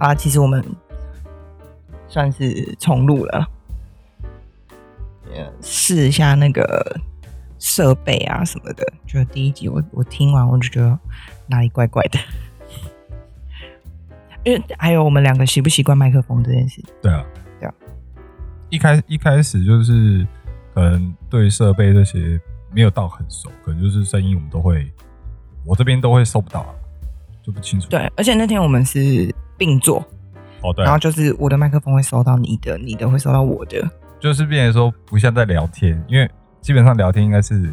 啊，其實我們算是重錄了，呃，試一下那個設備啊什麼的。覺得第一集我我聽完我就覺得哪裡怪怪的，因為還有我們兩個習不習慣麥克風這件事。對啊，對啊。一開一開始就是可能對設備這些沒有到很熟，可能就是聲音我們都會，我這邊都會收不到啊，就不清楚。對，而且那天我們是。並坐哦，對，然後就是我的麥克風會收到你的，你的會收到我的，就是變成說不像在聊天，因為基本上聊天應該是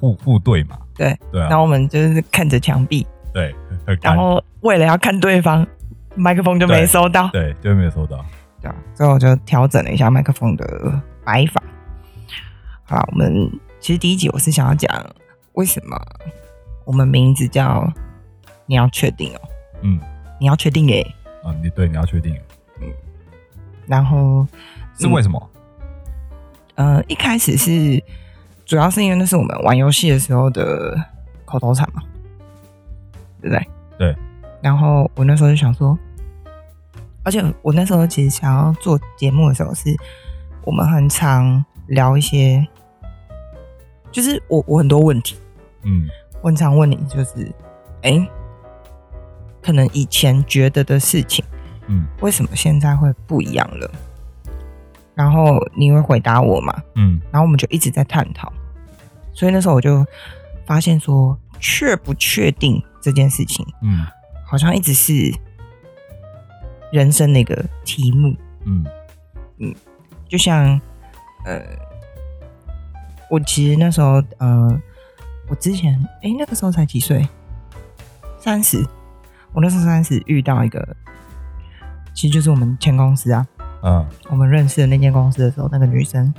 互互對嘛，對對啊，然後我們就是看着牆壁，對，然後為了要看對方麥克風就沒收到，對，對，就沒收到，對，所以我就調整了一下麥克風的擺法。好，我們其實第一集我是想要講為什麼我們名字叫你要確定欸，嗯。你要確定欸、欸？啊，你對，你要確定。嗯，然後是為什麼、嗯？呃，一開始是主要是因為那是我們玩遊戲的時候的口頭禪嘛，對不對？對。然後我那時候就想說，而且我那時候其實想要做節目的時候，是我們很常聊一些，就是我我很多問題，嗯，我很常問你，就是欸。欸可能以前覺得的事情，嗯，為什麼現在會不一樣了？然後你會回答我嘛？嗯，然後我們就一直在探討。所以那時候我就發現說，確不確定這件事情，嗯，好像一直是人生那個題目，嗯嗯，就像呃，我其實那時候呃，我之前哎、欸、那個時候才幾歲，三十。我那時候三十遇到一個，其實就是我們前公司啊，嗯，我們認識的那間公司的時候，那個女生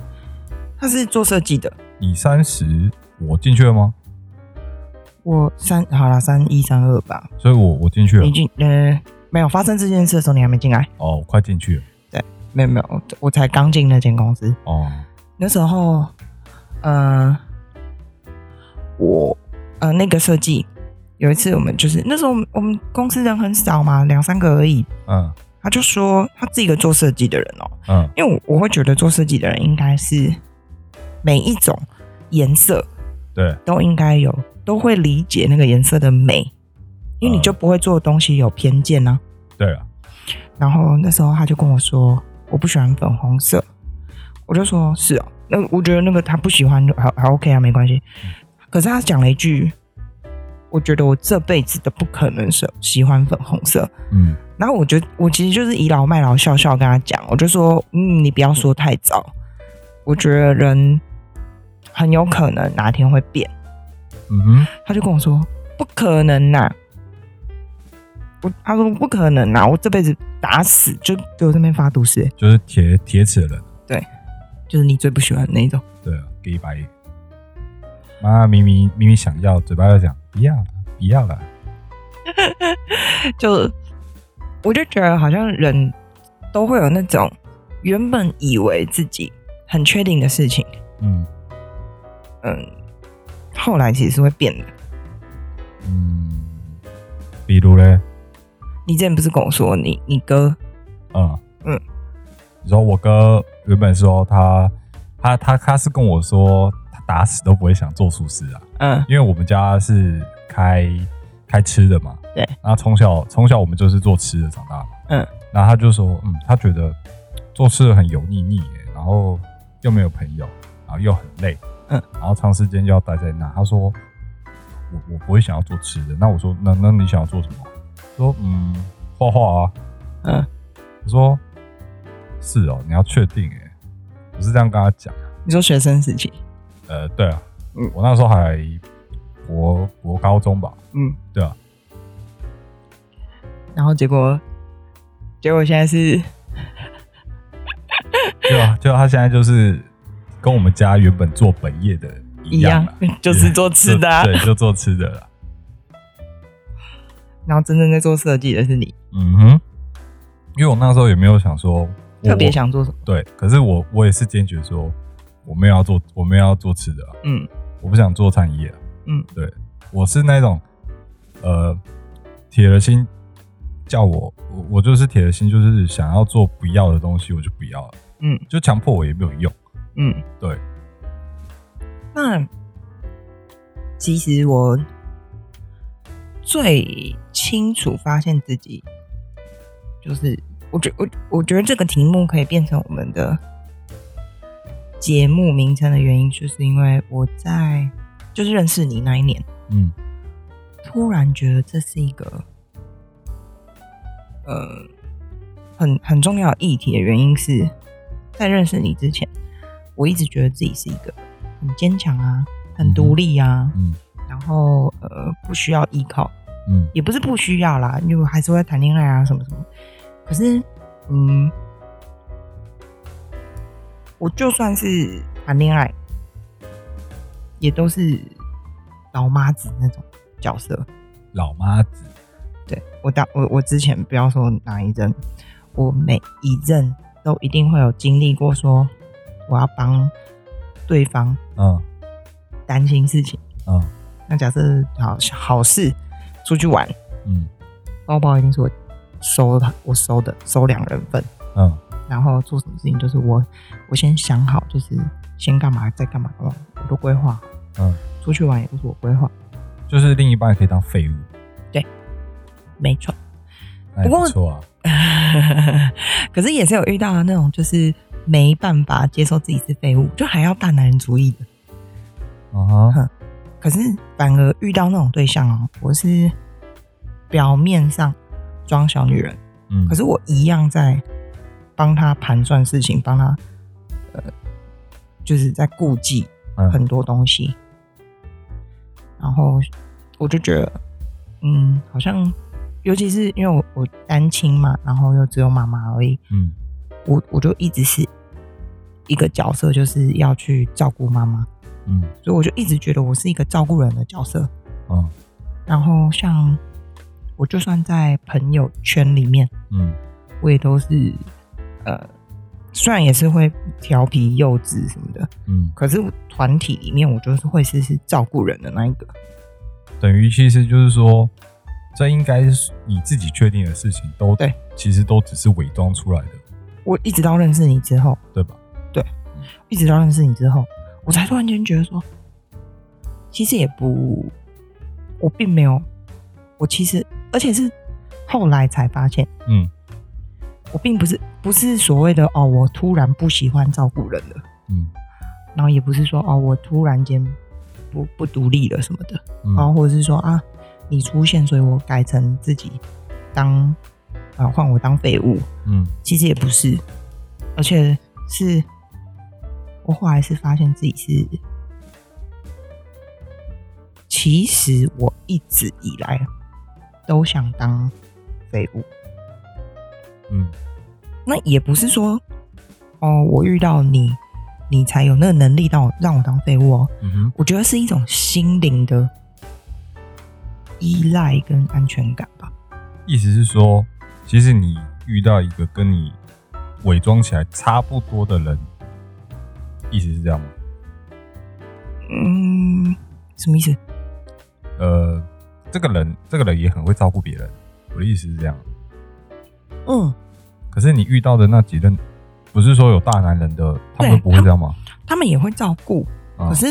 她是做設計的。你三十，我進去了嗎？我三，好啦，三一三二吧。所以我，我我進去了。你進呃，沒有發生這件事的時候，你還沒進來。哦，我快進去了。對，沒有沒有，我才剛進那間公司。哦，那時候，呃，我呃那個設計。有一次，我們就是那時候我們，我們公司人很少嘛，兩三個而已。嗯，他就說他自己一個做設計的人哦、喔。嗯，因為我，我會覺得做設計的人應該是每一種顏色，對，都應該有都會理解那個顏色的美，因為你就不會做東西有偏見啊。對啊。然後那時候他就跟我說，我不喜歡粉紅色，我就說，是哦、啊，那我覺得那個他不喜歡還還 OK 啊，沒關係。可是他講了一句。我覺得我這輩子都不可能是喜歡粉紅色，嗯。然後我覺得我其實就是倚老賣老，笑笑跟他講，我就說，嗯，你不要說太早。我覺得人很有可能哪天會變，嗯哼。他就跟我說，不可能吶、啊。我他說不可能吶、啊，我這輩子打死就對我這邊發毒誓，就是鐵鐵齒的人，對，就是你最不喜歡那種，對啊，給一百億。媽明明明明想要，嘴巴要講。一樣的，一樣的。就是，我就覺得好像人都會有那種原本以為自己很確定的事情，嗯嗯，後來其實是會變的。嗯，比如呢？你之前不是跟我說你你哥？嗯嗯。你說我哥原本說他他他他他是跟我說他打死都不會想做廚師啊。嗯，因為我們家是開開吃的嘛，對，然後從小從小我們就是做吃的長大嘛，嗯，然後他就說，嗯，他覺得做吃的很油膩膩、欸，然後又沒有朋友，然後又很累，嗯，然後長時間要待在那，他說，我我不會想要做吃的，那我說，那那你想要做什麼？說，嗯，畫畫啊，嗯，我說，是哦，你要確定誒、欸。我是這樣跟他講，你說學生時期，呃，對啊。我那時候還我，我我高中吧，嗯，對啊，然後結果，結果現在是，對啊，就他現在就是跟我們家原本做本業的一樣，一樣，就是做吃的，啊對，對，就做吃的了。然後真正在做設計的是你，嗯哼，因為我那時候也沒有想說特別想做什麼，對，可是我我也是堅決說我們要做我們要做吃的，啊，嗯。我不想做餐飲業，啊。嗯，對，我是那種，呃，鐵了心叫我，我我就是鐵了心，就是想要做不要的東西，我就不要了。嗯，就強迫我也沒有用。嗯，對。那其實我最清楚發現自己，就是我覺我我覺得這個題目可以變成我們的。節目名稱的原因，就是因為我在就是認識你那一年，嗯，突然覺得這是一個，呃，很很重要議題的原因是，在認識你之前，我一直覺得自己是一個很堅強啊，很獨立啊，嗯嗯、然後呃，不需要依靠，嗯，也不是不需要啦，因為還是會談戀愛啊，什麼什麼，可是，嗯。我就算是談戀愛，也都是老媽子那種角色。老媽子，對，我當我我，之前不要說哪一任，我每一任都一定會有經歷過，說我要幫對方，嗯，擔心事情，嗯。那假設好好事出去玩，嗯，包包一定是我收他，我收的收兩人份，嗯。然後做什麼事情，就是我，我先想好，就是先幹嘛，再幹嘛，我我都規劃。嗯，出去玩也是我規劃。就是另一半也可以當廢物。對，沒錯。沒錯啊，不過，呵呵。可是也是有遇到的那種就是沒辦法接受自己是廢物，就還要大男人主義的，啊。可是反而遇到那種對象，哦，我是表面上裝小女人，嗯，可是我一樣在。幫他盤算事情，幫他呃，就是在顧忌很多東西。哎。然後我就覺得，嗯，好像尤其是因為我我單親嘛，然後又只有媽媽而已，嗯，我我就一直是一個角色，就是要去照顧媽媽，嗯，所以我就一直覺得我是一個照顧人的角色，嗯，哦。然後像我就算在朋友圈裡面，嗯，我也都是。呃，雖然也是會調皮、幼稚什麼的，嗯，可是團體裡面，我就是會是是照顧人的那一個。等於其實就是說，這應該是你自己確定的事情都，都對，其實都只是偽裝出來的。我一直到認識你之後，對吧？對，一直到認識你之後，我才突然間覺得說，其實也不，我並沒有，我其實，而且是後來才發現，嗯。並不是不是所謂的哦，我突然不喜歡照顧人了，嗯，然後也不是說哦，我突然間不不獨立了什麼的，嗯、然後或者是說啊，你出現，所以我改成自己當啊換我當廢物，嗯，其實也不是，而且是我後來是發現自己是，其實我一直以來都想當廢物。嗯，那也不是說哦，我遇到你，你才有那個能力讓我讓我當廢物哦。嗯哼，我覺得是一種心靈的依賴跟安全感吧。意思是說，其實你遇到一個跟你偽裝起來差不多的人，意思是這樣嗎？嗯，什麼意思？呃，這個人，這個人也很會照顧別人。我的意思是這樣。嗯。可是你遇到的那幾任，不是說有大男人的，他們不會這樣嗎？他們也會照顧、嗯，可是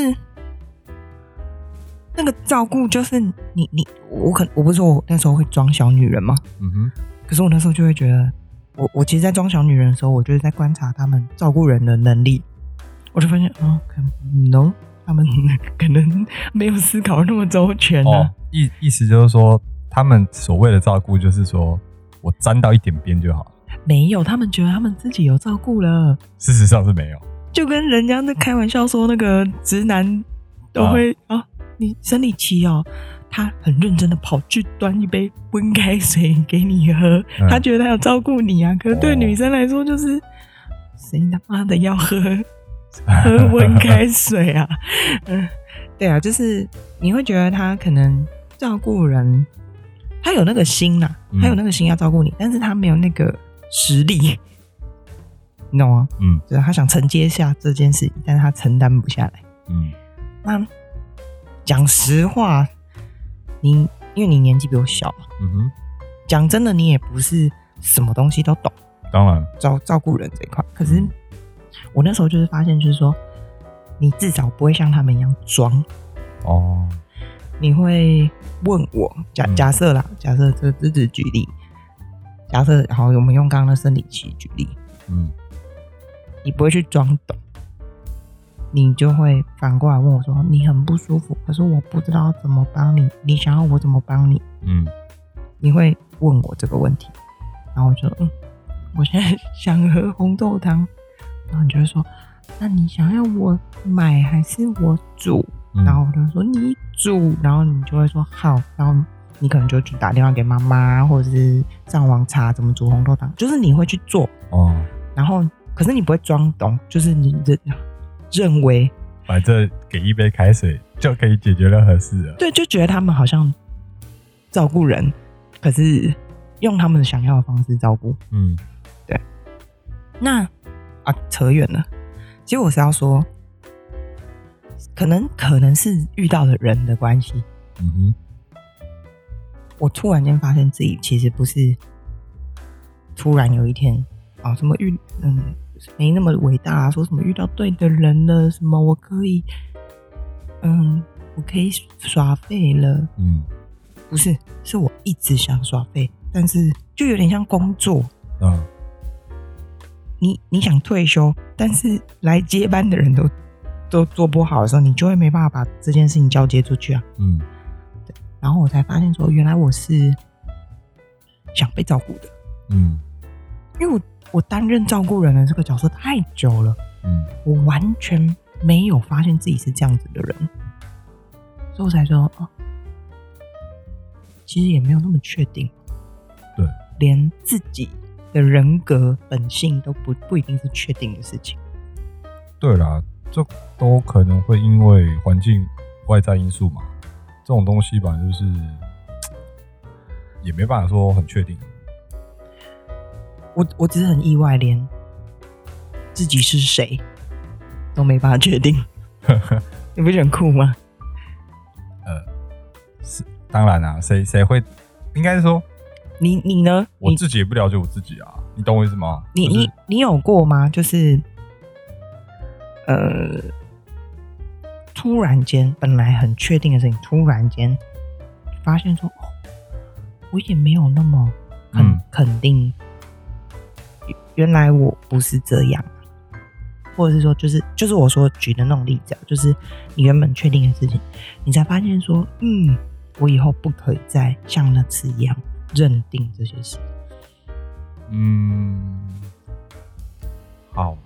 那個照顧就是你你我可，我不是說我那時候會裝小女人嗎？嗯哼。可是我那時候就會覺得，我我其實，在裝小女人的時候，我就是在觀察他們照顧人的能力。我就發現，啊可能他們可能沒有思考那麼周全、啊、哦。意意思就是說，他們所謂的照顧，就是說我沾到一點邊就好。沒有，他們覺得他們自己有照顧了。事實上是沒有，就跟人家那開玩笑說，那個直男都會啊、哦，你生理期哦，他很認真的跑去端一杯溫開水給你喝，嗯、他覺得他要照顧你啊。可是對女生來說，就是、哦、誰他媽的要喝喝溫開水啊？ 嗯，對啊，就是你會覺得他可能照顧人，他有那個心吶、啊，他有那個心要照顧你，嗯、但是他沒有那個。實力，你懂嗎？嗯，就是他想承接下這件事情，但是他承擔不下來。嗯，那講實話，你因為你年紀比我小嘛。嗯哼，講真的，你也不是什麼東西都懂。當然，照照顧人這一塊，可是、嗯、我那時候就是發現，就是說你至少不會像他們一樣裝哦，你會問我假、嗯、假設啦，假設這這只是舉例。假設好，我們用剛剛的生理期舉例，嗯，你不會去裝懂，你就會反過來問我說，你很不舒服，可是我不知道怎麼幫你，你想要我怎麼幫你？嗯，你會問我這個問題，然後我就嗯，我現在想喝紅豆湯，然後你就會說，那你想要我買還是我煮？然後我就說你煮，然後你就會說好，然後。你可能就去打電話給媽媽，或者是上網查怎麼煮紅豆湯，就是你會去做哦。然後，可是你不會裝懂，就是你認認為，反正給一杯開水就可以解決任何事了。對，就覺得他們好像照顧人，可是用他們想要的方式照顧。嗯，對。那啊，扯遠了。其實我是要說，可能可能是遇到的人的關係。嗯哼。我突然間發現自己其實不是突然有一天啊，哦，什麼遇嗯沒那麼偉大啊，說什麼遇到對的人了，什麼我可以嗯我可以耍廢了，嗯，不是是我一直想耍廢，但是就有點像工作啊，嗯，你你想退休，但是來接班的人都都做不好的時候，你就會沒辦法把這件事情交接出去啊，嗯。然後我才發現，說原來我是想被照顧的，嗯，嗯，因為我我擔任照顧人的這個角色太久了，嗯，嗯，我完全沒有發現自己是這樣子的人，所以我才說，哦，其實也沒有那麼確定，對，連自己的人格本性都不不一定是確定的事情，對啦，這都可能會因為環境外在因素嘛。這種東西吧，就是也沒辦法說很確定。我我只是很意外，連自己是誰都沒辦法確定。 你不想哭嗎？呃，是當然啊，誰誰會？應該是說你你呢你？我自己也不了解我自己啊，你懂我意思嗎？你、就是、你你有過嗎？就是，呃。突然間，本來很確定的事情，突然間發現說：“哦，我也沒有那麼肯、嗯、肯定。”原來我不是這樣，或者是說，就是就是我說舉的那種例子啊，就是你原本確定的事情，你才發現說：“嗯，我以後不可以再像那次一樣認定這些事。”嗯，好，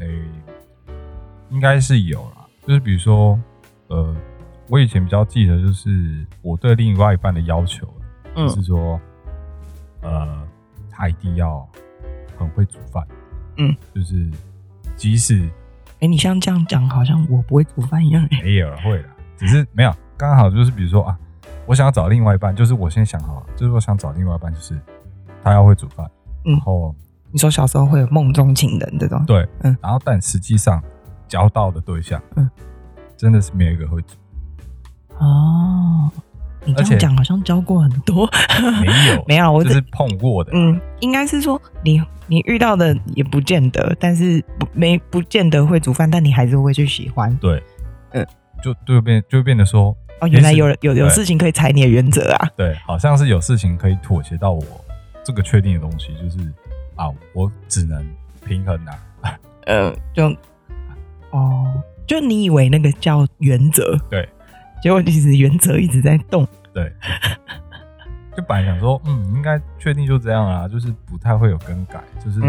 哎，應該是有了。就是比如說，呃，我以前比較記得，就是我對另外一半的要求，嗯，就是說，呃，他一定要很會煮飯，嗯，就是即使，哎、欸，你像這樣講，好像我不會煮飯一樣，沒有，會啦，只是沒有，剛好就是比如說啊，我想要找另外一半，就是我先想好了，就是我想找另外一半，就是他要會煮飯，嗯，然後你說小時候會有夢中情人這種，對，嗯，然後但實際上。交到的對象，嗯，真的是沒有一個會煮哦。你這樣講好像教過很多，沒有沒有，我 只、就是碰過的。嗯，應該是說你你遇到的也不見得，但是不沒不見得會煮飯，但你還是會去喜歡。對，嗯，就就會變就會變得說哦，原來有有有事情可以踩你的原則啊。對，好像是有事情可以妥協到我這個確定的東西，就是啊，我只能平衡啊，嗯，就。哦、oh,，就你以為那個叫原則，對，結果其實原則一直在動，對，就本來想說， 嗯，應該確定就這樣啊，就是不太會有更改，就是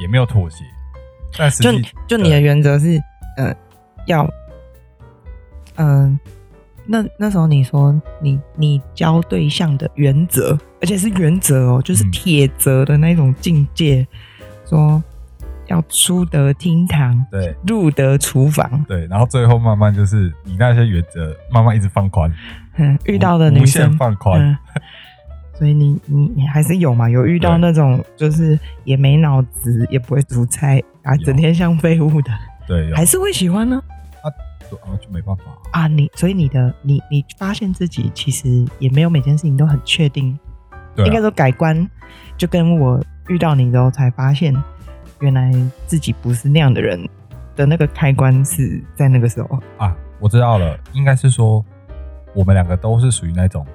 也沒有妥協、嗯，但是，就你的原則是，嗯、呃，要，嗯、呃，那那時候你說你你交對象的原則，而且是原則哦，就是鐵則的那種境界，嗯、說。要出得廳堂，對；入得廚房，對。然後最後慢慢就是以那些原則慢慢一直放寬、嗯，遇到的女生無限放寬、嗯。所以你你,你還是有嘛？有遇到那種就是也沒腦子，也不會煮菜啊，整天像廢物的，對，還是會喜歡呢？啊，啊就沒辦法啊！啊你所以你的你你發現自己其實也沒有每件事情都很確定，啊、應該說改觀，就跟我遇到你之後才發現。原來自己不是那樣的人的那個開關是在那個時候啊！我知道了，應該是說我們兩個都是屬於那種，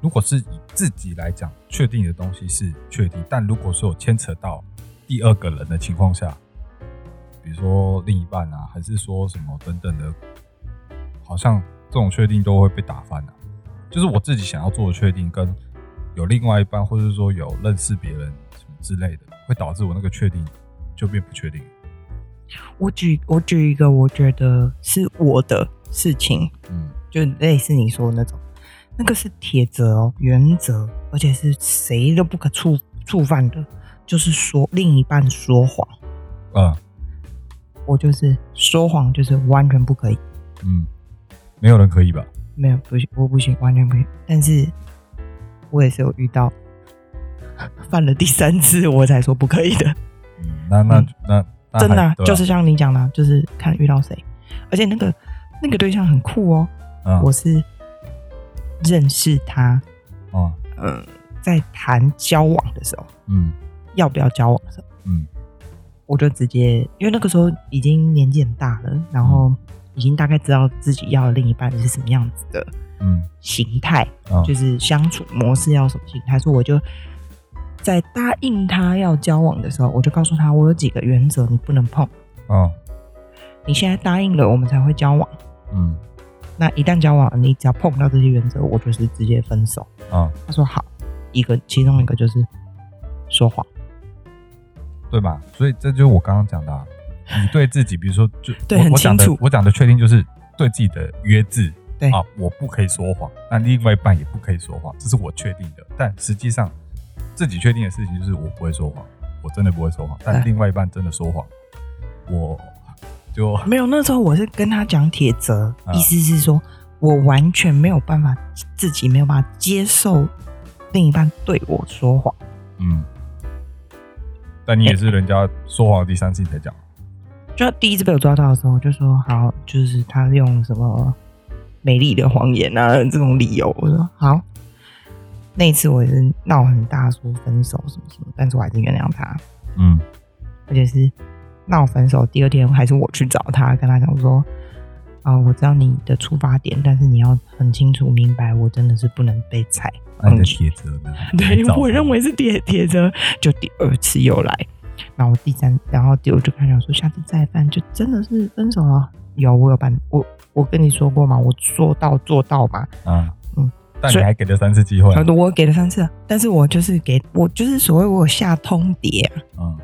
如果是以自己來講，確定的東西是確定；但如果說有牽扯到第二個人的情況下，比如說另一半啊，還是說什麼等等的，好像這種確定都會被打翻啊，就是我自己想要做的確定，跟有另外一半，或者是說有認識別人什麼之類的，會導致我那個確定。就變不確定。我舉我舉一個，我覺得是我的事情，嗯，就類似你說的那種，那個是鐵則哦，原則，而且是誰都不可觸觸犯的，就是說另一半說謊，啊。我就是說謊，就是完全不可以，嗯，沒有人可以吧？沒有，不行，我不行，完全不行。但是我也是有遇到 犯了第三次，我才說不可以的。那那、嗯、那，那，真的，啊啊、就是像你講的，就是看遇到誰，而且那個那個對象很酷哦。嗯、我是認識他，哦、嗯呃，在談交往的時候，嗯，要不要交往的時候，嗯，我就直接，因為那個時候已經年紀很大了，然後已經大概知道自己要的另一半是什麼樣子的，嗯，嗯，形態，就是相處模式要什麼形態，嗯。所以我就。在答應他要交往的時候，我就告訴他，我有幾個原則你不能碰。哦，你現在答應了，我們才會交往。嗯，那一旦交往，你只要碰到這些原則，我就是直接分手。啊、哦，他說好。一個，其中一個就是說謊，對吧？所以這就是我剛剛講的、啊，你對自己，比如說就，就 我講的，很清楚。我講的確定就是對自己的約制。對啊，我不可以說謊，那另外一半也不可以說謊，這是我確定的，但實際上。自己確定的事情就是我不會說謊，我真的不會說謊，但另外一半真的說謊，我就沒有。那時候我是跟他講鐵則，意思是說我完全沒有辦法自己沒有辦法接受另一半對我說謊。嗯，但你也是人家說謊第三次你才講、欸，就他第一次被我抓到的時候我就說好，就是他用什麼美麗的謊言啊這種理由，我說好。那一次我也是鬧很大說分手什麼什麼，但是我還是原諒他。嗯，而且是鬧分手第二天還是我去找他，跟他講說啊、呃，我知道你的出發點，但是你要很清楚明白，我真的是不能被踩。鐵則，對，我認為是鐵鐵則。就第二次又來，然後第三，然後第五就開始說，下次再犯就真的是分手了。有，我有辦，我我跟你說過嘛，我說到做到嘛。嗯。那你還給了三次機會。我給了三次啊，但是我就是給，我就是所謂我有下通牒啊，嗯，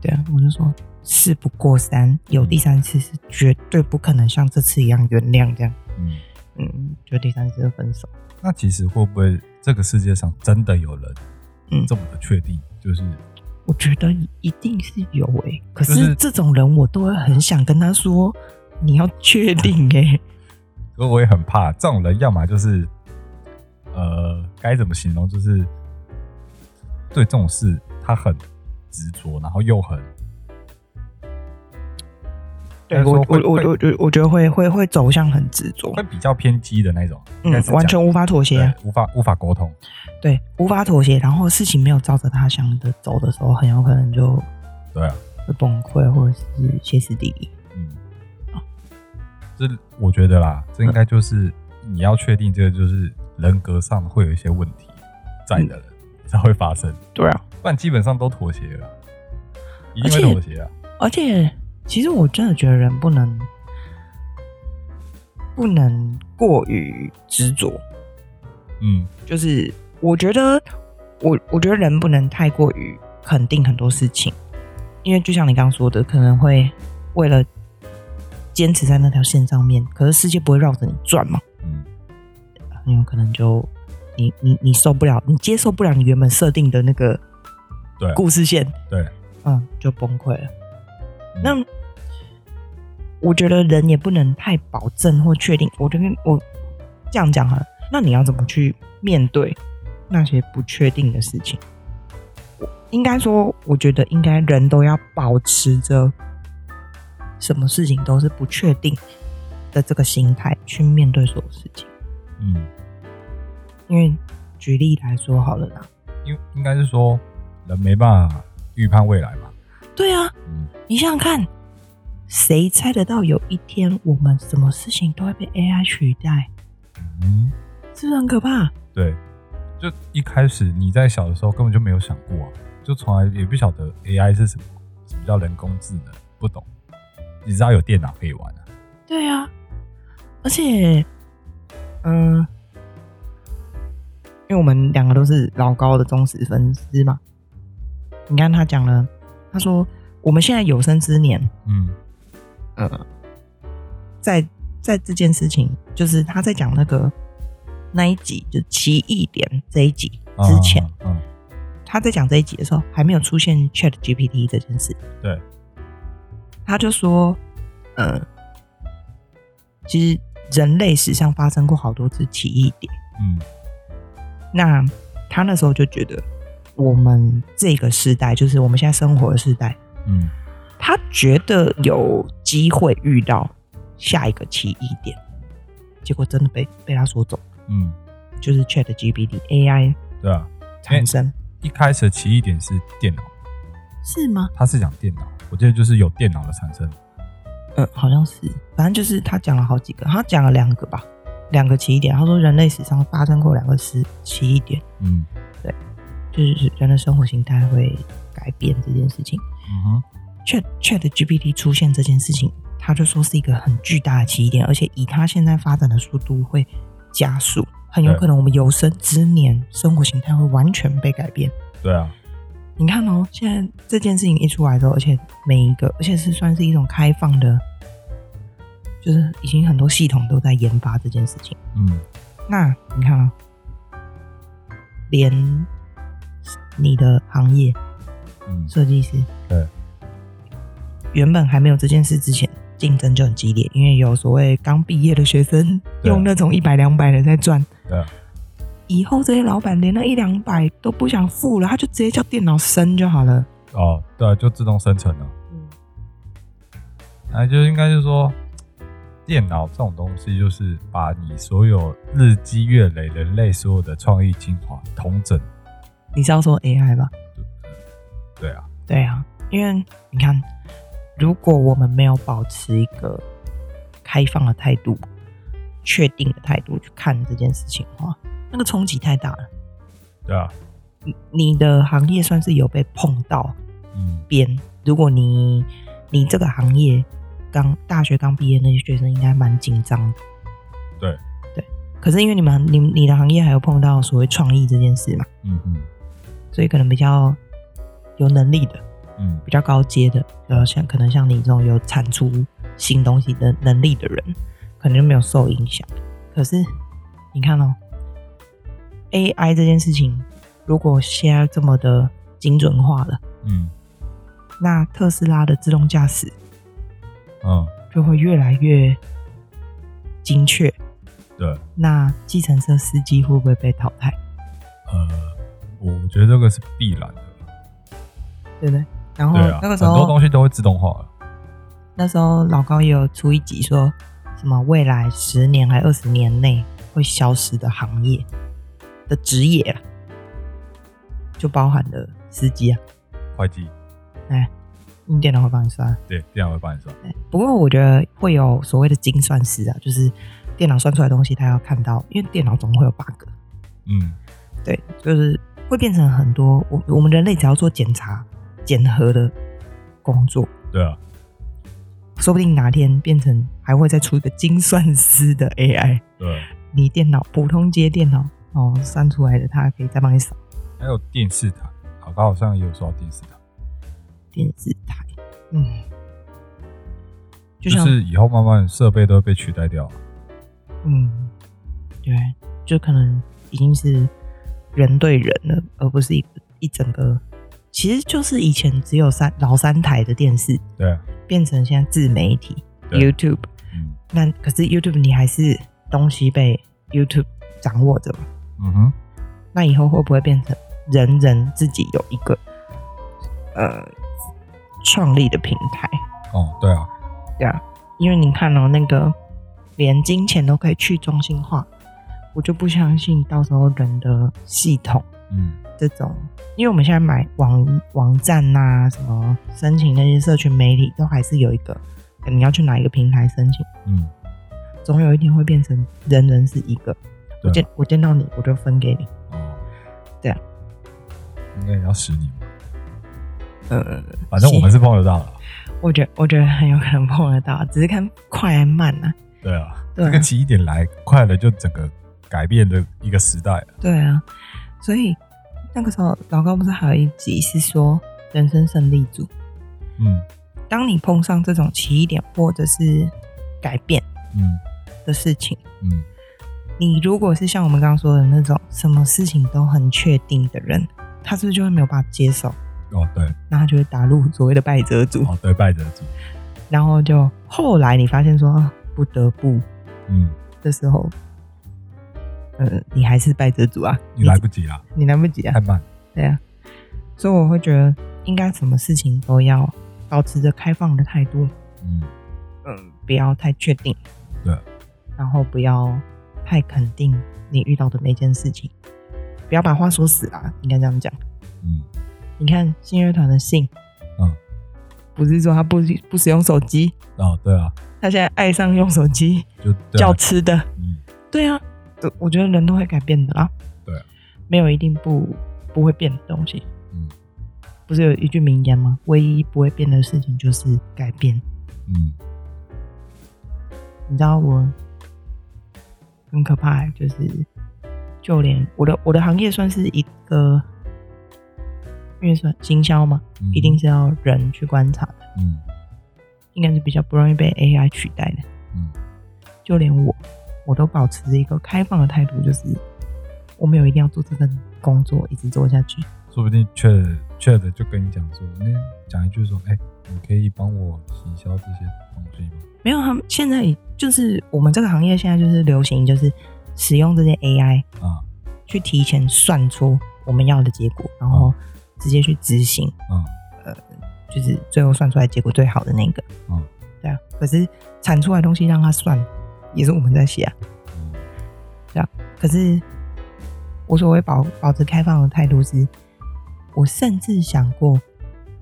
對啊，我就說事不過三，有第三次是絕對不可能像這次一樣原諒這樣，嗯嗯，就第三次分手。那其實會不會這個世界上真的有人，嗯，這麼的確定？就是我覺得一定是有誒，可是這種人我都會很想跟他說，你要確定誒。可我也很怕這種人，要麼就是。呃，該怎麼形容？就是對這種事，他很執着，然後又很……對，我，我，我，我，我，我覺得會會會走向很執着，會比較偏激的那種，嗯，完全無法妥協，無法無法溝通，對，無法妥協，然後事情沒有照着他想的走的時候，很有可能就對啊，崩潰，或者是歇斯底里。嗯，啊、這我覺得啦，這應該就是你要確定這個就是。人格上會有一些問題，在你的人才、嗯、會發生，對啊，不然基本上都妥協了，一定會妥協啊。而且，其實我真的覺得人不能不能過於執着。嗯，就是我覺得我我覺得人不能太過於肯定很多事情，因為就像你剛剛說的，可能會為了堅持在那條線上面，可是世界不會繞着你轉嘛。你有可能就，你你你受不了，你接受不了你原本設定的那個，對故事線。對，對，嗯，就崩潰了。那、嗯、我覺得人也不能太保證或確定。我覺得我這樣講哈、啊，那你要怎麼去面對那些不確定的事情？應該說，我覺得應該人都要保持着什麼事情都是不確定的這個心態去面對所有事情。嗯，因為舉例來說好了啦，因應該是說人沒辦法預判未來嘛。對啊，嗯、你想想看，誰猜得到有一天我們什麼事情都會被 AI 取代？嗯，是不是很可怕？對，就一開始你在小的時候根本就沒有想過、啊，就從來也不曉得 AI 是什麼，什麼叫人工智能，不懂。只知道有電腦可以玩啊。對啊，而且。嗯，因為我們兩個都是老高的忠實粉絲嘛。你看他講了，他說我們現在有生之年，嗯，嗯，呃，在在這件事情，就是他在講那個那一集，就奇異點這一集之前，嗯嗯嗯、他在講這一集的時候，還沒有出現 ChatGPT 這件事，對，他就說，呃、嗯，其實。人類史上發生過好多次奇異點，嗯，那他那時候就覺得我們這個時代就是我們現在生活的時代，嗯，他覺得有機會遇到下一個奇異點，結果真的被被他說走，嗯，就是 ChatGPT AI 對啊，產生一開始奇異點是電腦，是嗎？他是講電腦，我覺得就是有電腦的產生。好像是，反正就是他講了好幾個，他講了兩個吧，兩個奇異點。他說人類史上發生過兩個奇異點，嗯，對，就是人的生活形態會改變這件事情。嗯哼，Chat Chat GPT 出現這件事情，他就說是一個很巨大的奇異點，而且以他現在發展的速度會加速，很有可能我們有生之年生活形態會完全被改變。對啊，你看哦、喔，現在這件事情一出來之後，而且每一個，而且是算是一種開放的。就是已經很多系統都在研發這件事情。嗯，那你看啊，連你的行業，嗯，設計師，對，原本還沒有這件事之前，競爭就很激烈，因為有所謂剛畢業的學生用那種一百兩百的在賺。對，以後這些老闆連那一兩百都不想付了，他就直接叫電腦生就好了。哦，對，就自動生成了。嗯，那就應該是說。電腦這種東西，就是把你所有日積月累的人類所有的創意精華統整。你知道說 AI 吧？對，對啊。對啊，因為你看，如果我們沒有保持一個開放的態度、確定的態度去看這件事情的話，那個衝擊太大了。對啊。你你的行業算是有被碰到。嗯。邊，如果你你這個行業。剛大學，剛畢業那些學生應該蠻緊張的。對，對對，可是因為你們你你的行業還有碰到所謂創意這件事嘛，嗯嗯，所以可能比較有能力的，嗯，比較高階的呃，然後像可能像你這種有產出新東西的能力的人，可能就沒有受影響。可是你看哦，AI 這件事情如果現在這麼的精準化了，嗯，那特斯拉的自動駕駛。嗯，就會越來越精確。對，那計程車司機會不會被淘汰？呃，我覺得這個是必然的。對不對？然後、啊那個、很多東西都會自動化了。那時候老高也有出一集說，說什麼未來十年還二十年內會消失的行業的職業、啊、就包含了司機啊、會計哎。用電腦會幫你算，對，電腦會幫你算對。不過我覺得會有所謂的精算師啊，就是電腦算出來的東西，他要看到，因為電腦總會有 bug。嗯，對，就是會變成很多。我我們人類只要做檢查、檢核的工作。對啊。說不定哪天變成還會再出一個精算師的 AI。對。你電腦普通接電腦哦，算出來的他還可以再幫你算。還有電視台，好，他好像也有說到電視台。電視台，嗯，就像，就是以後慢慢設備都會被取代掉了。嗯，對，就可能已經是人對人了，而不是一一整個。其實就是以前只有三老三台的電視，對，變成現在自媒體 YouTube，嗯。那可是 YouTube，你還是東西被 YouTube 掌握着嘛？嗯哼，那以後會不會變成人人自己有一個，呃？創立的平台哦，對啊，對啊，因為你看哦，那個連金錢都可以去中心化，我就不相信到時候人的系統，嗯，這種，因為我們現在買網網站啊，什麼申請那些社群媒體，都還是有一個你要去哪一個平台申請，嗯，總有一天會變成人人是一個，啊、我見我見到你，我就分給你，哦、嗯，對啊，應該也要十年呃，反正我們是碰得到了、啊啊。我覺我覺得很有可能碰得到，只是看快還慢啊,對啊。對啊，這個奇異點來快了，就整個改變的一個時代了。對啊，所以那個時候老高不是還有一集是說人生勝利組？嗯，當你碰上這種奇異點或者是改變，嗯的事情嗯，嗯，你如果是像我們剛剛說的那種什麼事情都很確定的人，他是不是就會沒有辦法接受？哦，對，那他就會打入所謂的敗者組。哦，對，敗者組。然後就後來你發現說不得不，嗯，這時候，嗯、呃，你還是敗者組啊，你來不及啊你，你來不及啊，太慢，對啊。所以我會覺得，應該什麼事情都要保持着開放的態度，嗯嗯、呃，不要太確定，對，然後不要太肯定你遇到的每件事情，不要把話說死啊，嗯、應該這樣講，嗯。你看信樂團的信，嗯，不是說他不不使用手機？哦，對啊，他現在愛上用手機，就、啊、叫吃的，嗯、對啊，我我覺得人都會改變的啦，對、啊，沒有一定不不會變的東西，嗯，不是有一句名言嗎？唯一不會變的事情就是改變，嗯，你知道我很可怕、欸，就是就連我的我的行業算是一個，因為算行銷嘛，嗯，一定是要人去觀察的，嗯，應該是比較不容易被 AI 取代的，嗯，就連我，我都保持一個開放的態度，就是我沒有一定要做這份工作一直做下去，說不定確確的就跟你講說，那講一句說，哎、欸，你可以幫我行銷這些東西嗎？沒有，他們現在就是我們這個行業現在就是流行，就是使用這些 AI 啊，去提前算出我們要的結果，然後。直接去執行，嗯，呃，就是最後算出來結果最好的那個，嗯，對啊，可是產出來的東西讓他算，也是我們在寫啊、嗯，這樣。可是我，無所謂保保持開放的態度是，是我甚至想過，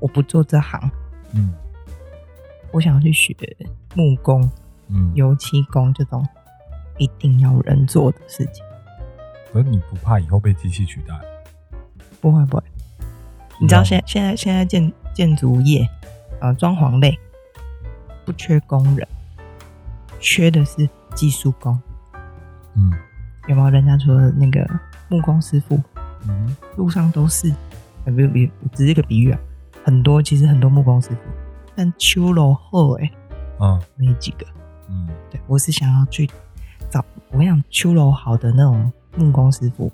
我不做這行，嗯，我想要去學木工、嗯、油漆工這種一定要人做的事情。所以你不怕以後被機器取代？不會，不會。你知道現現在現在建建築業，呃，裝潢類不缺工人，缺的是技術工。嗯，有沒有人家說那個木工師傅？嗯，路上都是，啊，比比只是一個比喻啊。很多其實很多木工師傅，但秋樓好，哎，啊，沒幾個。嗯，對，我是想要去找，我跟你講秋樓好的那種木工師傅，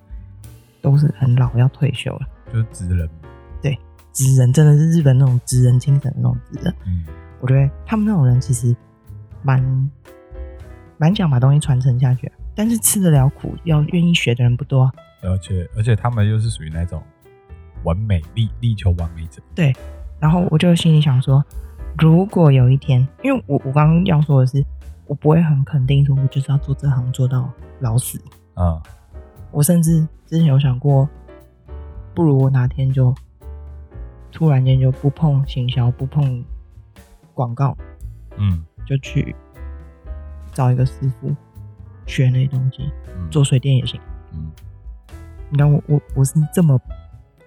都是很老要退休了，就是只能。職人真的是日本那種職人精神的那種職人，我覺得他們那種人其實蠻蠻想把東西傳承下去，但是吃得了苦，要願意學的人不多，啊。而且而且他們又是屬於那種完美、力力求完美者。對。然後我就心裡想說，如果有一天，因為我我剛剛要說的是，我不會很肯定說，我就是要做這行做到老死啊，嗯。我甚至之前有想過，不如我哪天就。突然間就不碰行銷，不碰廣告，嗯，就去找一個師傅學那些東西，嗯，做水電也行。嗯，那我我我是這麼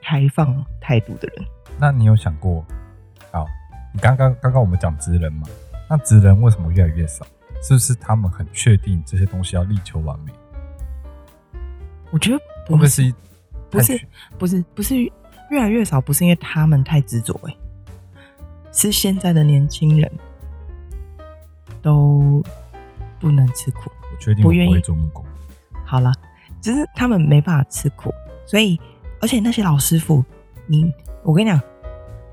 開放態度的人。那你有想過？好，你剛剛剛剛我們講職人嘛，那職人為什麼越來越少？是不是他們很確定這些東西要力求完美？我覺得不是，會不會是不是？不是，不是。越來越少，不是因為他們太執着，哎，是現在的年輕人都不能吃苦。我確定我不願意做木工。好了，只是他們沒辦法吃苦，所以而且那些老師傅，你、嗯、我跟你講，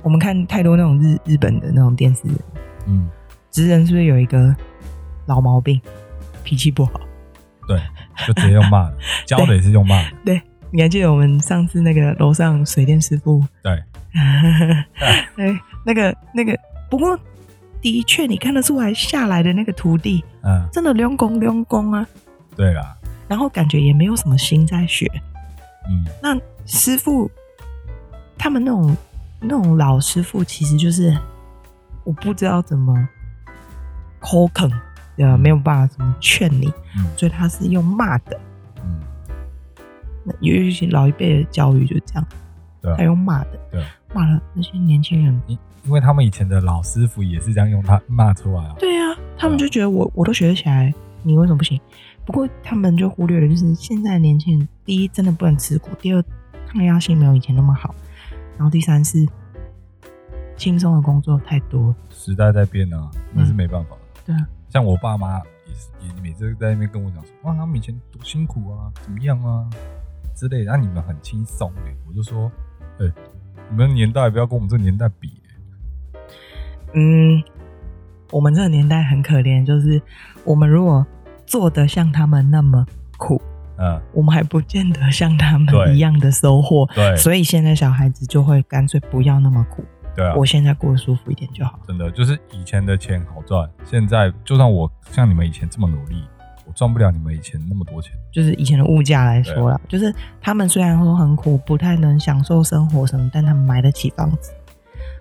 我們看太多那種日日本的那種電視人，嗯，職人是不是有一個老毛病，脾氣不好？對，就直接用罵的， 教的也是用罵的。對。對你還記得我們上次那個樓上水電師傅？對， 啊、對，那個那個，不過的確你看得出來，下來的那個徒弟，嗯、啊，真的溜工溜工啊。對啦，然後感覺也沒有什麼心在學。嗯，那師傅他們那種那種老師傅，其實就是我不知道怎麼摳坑，呃、嗯，沒有辦法怎麼勸你、嗯，所以他是用罵的。有一些老一輩的教育就這樣，他還用罵的，對，罵了那些年輕人，因因為他們以前的老師傅也是這樣用他罵出來啊。對啊，他們就覺得我、啊、我都學得起來，你為什麼不行？不過他們就忽略了，就是現在年輕人，第一真的不能吃苦，第二抗壓性沒有以前那麼好，然後第三是輕鬆的工作太多。時代在變啊，那是沒辦法、啊嗯。對啊，像我爸媽也是，也每次在那邊跟我講說，哇，他們以前多辛苦啊，怎麼樣啊？之類讓、啊、你們很輕鬆哎，我就說，哎、欸，你們年代不要跟我們這年代比、欸、嗯，我們這個年代很可憐，就是我們如果做得像他們那麼苦，嗯，我們還不見得像他們一樣的收穫。對，所以現在小孩子就會乾脆不要那麼苦。對啊，我現在過得舒服一點就好。真的，就是以前的錢好賺，現在就算我像你們以前這麼努力。我賺不了你們以前那麼多錢，就是以前的物價來說了，啊、就是他們雖然說很苦，不太能享受生活什麼，但他們買得起房子。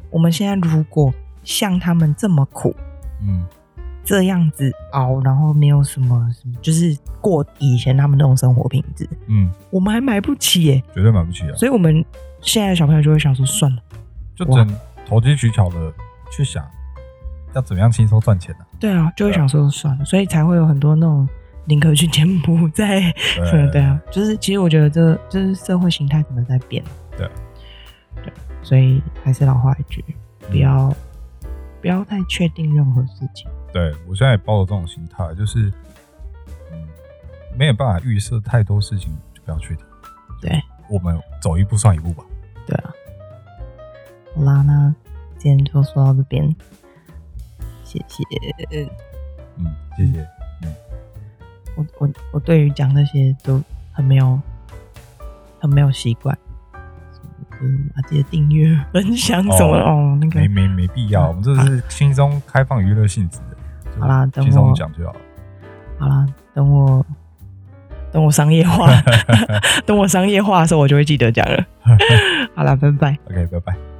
我們現在如果像他們這麼苦，嗯，這樣子熬，然後沒有什麼，什麼，就是過以前他們那種生活品質，嗯，我們還買不起耶、欸，絕對買不起啊。所以我們現在的小朋友就會想說，算了，就整投機取巧的去想。要怎麼樣輕鬆賺錢呢、啊？對啊，就會想說算了，啊、所以才會有很多那種寧可去柬埔寨，對啊，就是其實我覺得這就是社會形態可能在變，對對，所以還是老話一句，不要、嗯、不要太確定任何事情。對，我現在也抱着這種心態，就是嗯，沒有辦法預設太多事情，就不要確定。對，我們走一步算一步吧。對啊，好啦，那今天就說到這邊。謝謝，嗯，謝謝，嗯，我我我對於講那些都很沒有，很沒有習慣，嗯、就是，啊，記得訂閱、分享、哦、什麼哦，那個沒沒沒必要，我們這是輕鬆開放娛樂性質的、嗯好好，好啦，等我輕鬆講就好好啦，等我等我商業化， 等我商業化的時候，我就會記得講了， 好啦，拜拜，OK，拜拜。